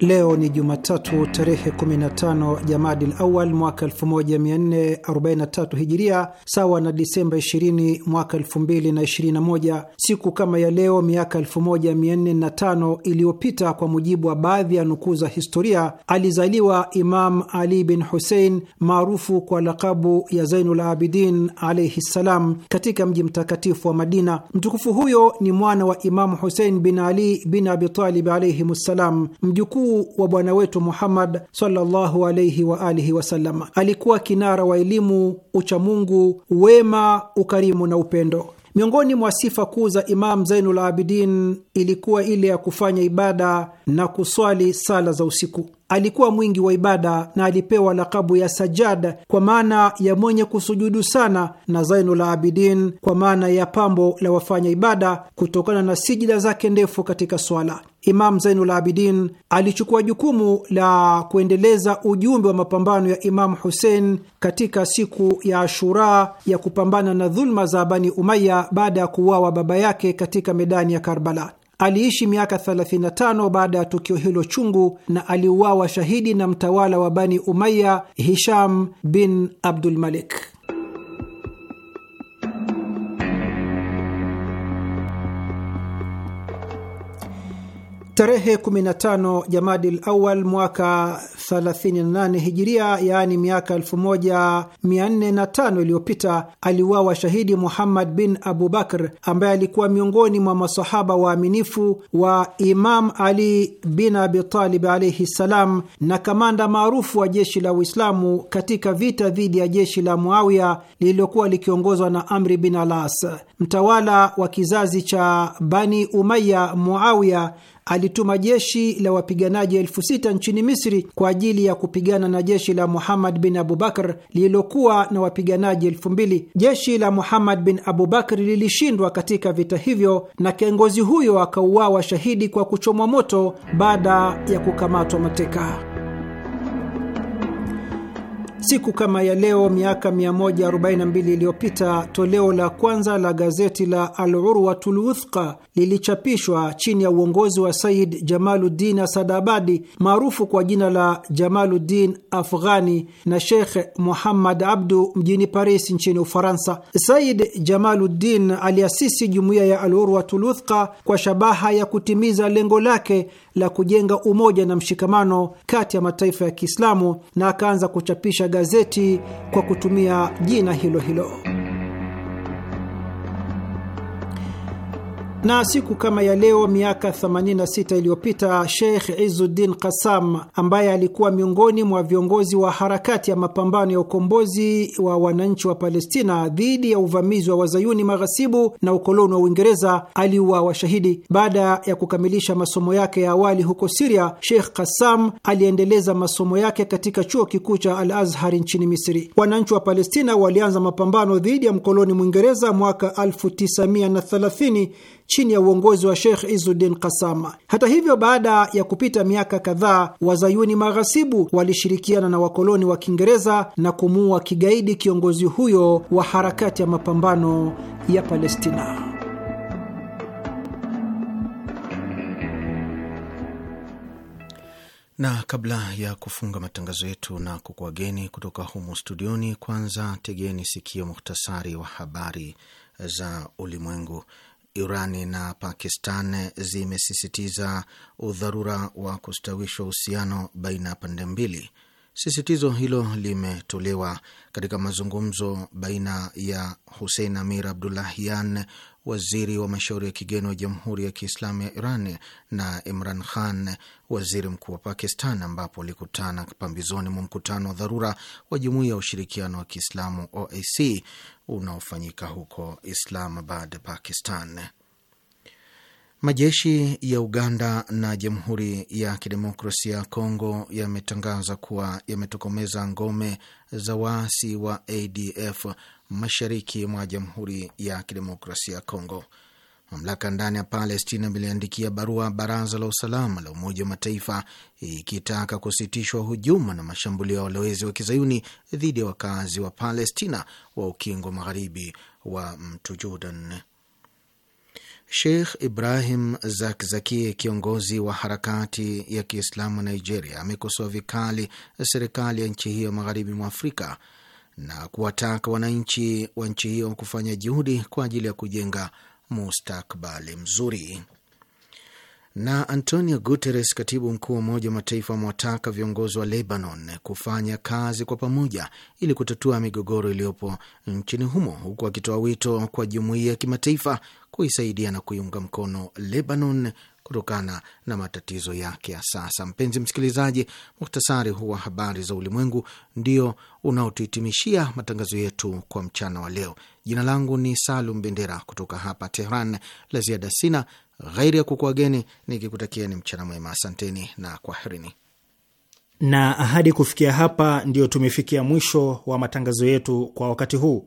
Leo ni Jumatatu tarehe 15 Jamadil Awal mwaka 1443 Hijiria, sawa na Disemba 20 mwaka 2021. Siku kama ya leo miaka 1405 iliyopita, kwa mujibu wa baadhi ya nukuu za historia, alizaliwa Imam Ali bin Husein maarufu kwa lakabu ya Zainul Abidin alaihi ssalam, katika mji mtakatifu wa Madina. Mtukufu huyo ni mwana wa Imamu Husein bin Ali bin Abitalib alaihim ssalam, mjukuu mkuu wa bwana wetu Muhammad sallallahu alaihi wa alihi wasallam. Alikuwa kinara wa elimu, uchamungu, wema, ukarimu na upendo. Miongoni mwa sifa kuu za Imam Zainul Abidin ilikuwa ile ya kufanya ibada na kuswali sala za usiku alikuwa mwingi wa ibada na alipewa lakabu ya Sajad kwa maana ya mwenye kusujudu sana, na Zainul Abidin kwa maana ya pambo la wafanya ibada kutokana na sijida zake ndefu katika swala. Imam Zainul Abidin alichukua jukumu la kuendeleza ujumbe wa mapambano ya Imamu Husein katika siku ya Ashura ya kupambana na dhuluma za Bani Umaya baada ya kuuawa baba yake katika medani ya Karbala. Aliishi miaka 35 baada ya tukio hilo chungu na aliuawa shahidi na mtawala wa Bani Umaya Hisham bin Abdulmalik. Tarehe 15 Jamadil Awal mwaka 38 Hijiria, yaani miaka 1405 iliyopita, aliuawa shahidi Muhammad bin Abubakr ambaye alikuwa miongoni mwa masahaba waaminifu wa Imam Ali bin Abitalib alaihi ssalam, na kamanda maarufu wa jeshi la Uislamu katika vita dhidi ya jeshi la Muawiya lililokuwa likiongozwa na Amri bin Alas, mtawala wa kizazi cha Bani Umaya Muawiya alituma jeshi la wapiganaji elfu sita nchini Misri kwa ajili ya kupigana na jeshi la Muhammad bin Abubakar lililokuwa na wapiganaji elfu mbili. Jeshi la Muhammad bin Abubakar lilishindwa katika vita hivyo na kiongozi huyo akauawa shahidi kwa kuchomwa moto baada ya kukamatwa mateka. Siku kama ya leo miaka 142 iliyopita toleo la kwanza la gazeti la Al Urwatul Wuthqa lilichapishwa chini ya uongozi wa Said Jamaluddin Asadabadi maarufu kwa jina la Jamaluddin Afghani na Sheikh Muhammad Abdu mjini Paris nchini Ufaransa. Said Jamaluddin aliasisi jumuiya ya Al Urwatul Wuthqa kwa shabaha ya kutimiza lengo lake la kujenga umoja na mshikamano kati ya mataifa ya Kiislamu na akaanza kuchapisha gazeti kwa kutumia jina hilo hilo. Na siku kama ya leo miaka 86 iliyopita Sheikh Izuddin kasam ambaye alikuwa miongoni mwa viongozi wa harakati ya mapambano ya ukombozi wa wananchi wa Palestina dhidi ya uvamizi wa wazayuni maghasibu na ukoloni wa Uingereza aliuawa shahidi. Baada ya kukamilisha masomo yake ya awali huko Siria, Sheikh kasam aliendeleza masomo yake katika chuo kikuu cha Al Azhar nchini Misri. Wananchi wa Palestina walianza mapambano dhidi ya mkoloni Mwingereza mwaka 1930 chini ya uongozi wa Sheikh Izuddin Kasama. Hata hivyo, baada ya kupita miaka kadhaa, wazayuni maghasibu walishirikiana na wakoloni wa Kiingereza na kumuua kigaidi kiongozi huyo wa harakati ya mapambano ya Palestina. na kabla ya kufunga matangazo yetu na kukuwageni kutoka humo studioni, kwanza tegeni sikio muhtasari wa habari za ulimwengu. Irani na Pakistan zimesisitiza udharura wa kustawishwa uhusiano baina ya pande mbili. Sisitizo hilo limetolewa katika mazungumzo baina ya Hussein Amir Abdullahian, waziri wa mashauri ya kigeni wa Jamhuri ya Kiislamu ya Iran na Imran Khan, waziri mkuu wa Pakistan, ambapo walikutana pambizoni mwa mkutano wa dharura wa Jumuiya ya Ushirikiano wa Kiislamu OAC unaofanyika huko Islamabad, Pakistan. Majeshi ya Uganda na Jamhuri ya Kidemokrasia ya Kongo yametangaza kuwa yametokomeza ngome za waasi wa ADF mashariki mwa Jamhuri ya Kidemokrasia ya Kongo. Mamlaka ndani ya Palestina viliandikia barua Baraza la Usalama la Umoja wa Mataifa ikitaka kusitishwa hujuma na mashambulio ya walowezi wa kizayuni dhidi ya wakazi wa Palestina wa Ukingo Magharibi wa mto Jordan. Sheikh Ibrahim Zakzaki, kiongozi wa harakati ya Kiislamu Nigeria, amekosoa vikali serikali ya nchi hiyo magharibi mwa Afrika na kuwataka wananchi wa nchi hiyo kufanya juhudi kwa ajili ya kujenga mustakbali mzuri. Na Antonio Guterres, katibu mkuu wa Umoja wa Mataifa, amewataka viongozi wa Lebanon kufanya kazi kwa pamoja ili kutatua migogoro iliyopo nchini humo, huku akitoa wito kwa jumuiya ya kimataifa kuisaidia na kuiunga mkono Lebanon kutokana na matatizo yake ya sasa. Mpenzi msikilizaji, muhtasari huu wa habari za ulimwengu ndio unaotuhitimishia matangazo yetu kwa mchana wa leo. Jina langu ni Salum Bendera kutoka hapa Tehran. La ziada sina ghairi ya kukuageni nikikutakieni mchana mwema. Asanteni na kwaherini na ahadi. Kufikia hapa, ndio tumefikia mwisho wa matangazo yetu kwa wakati huu.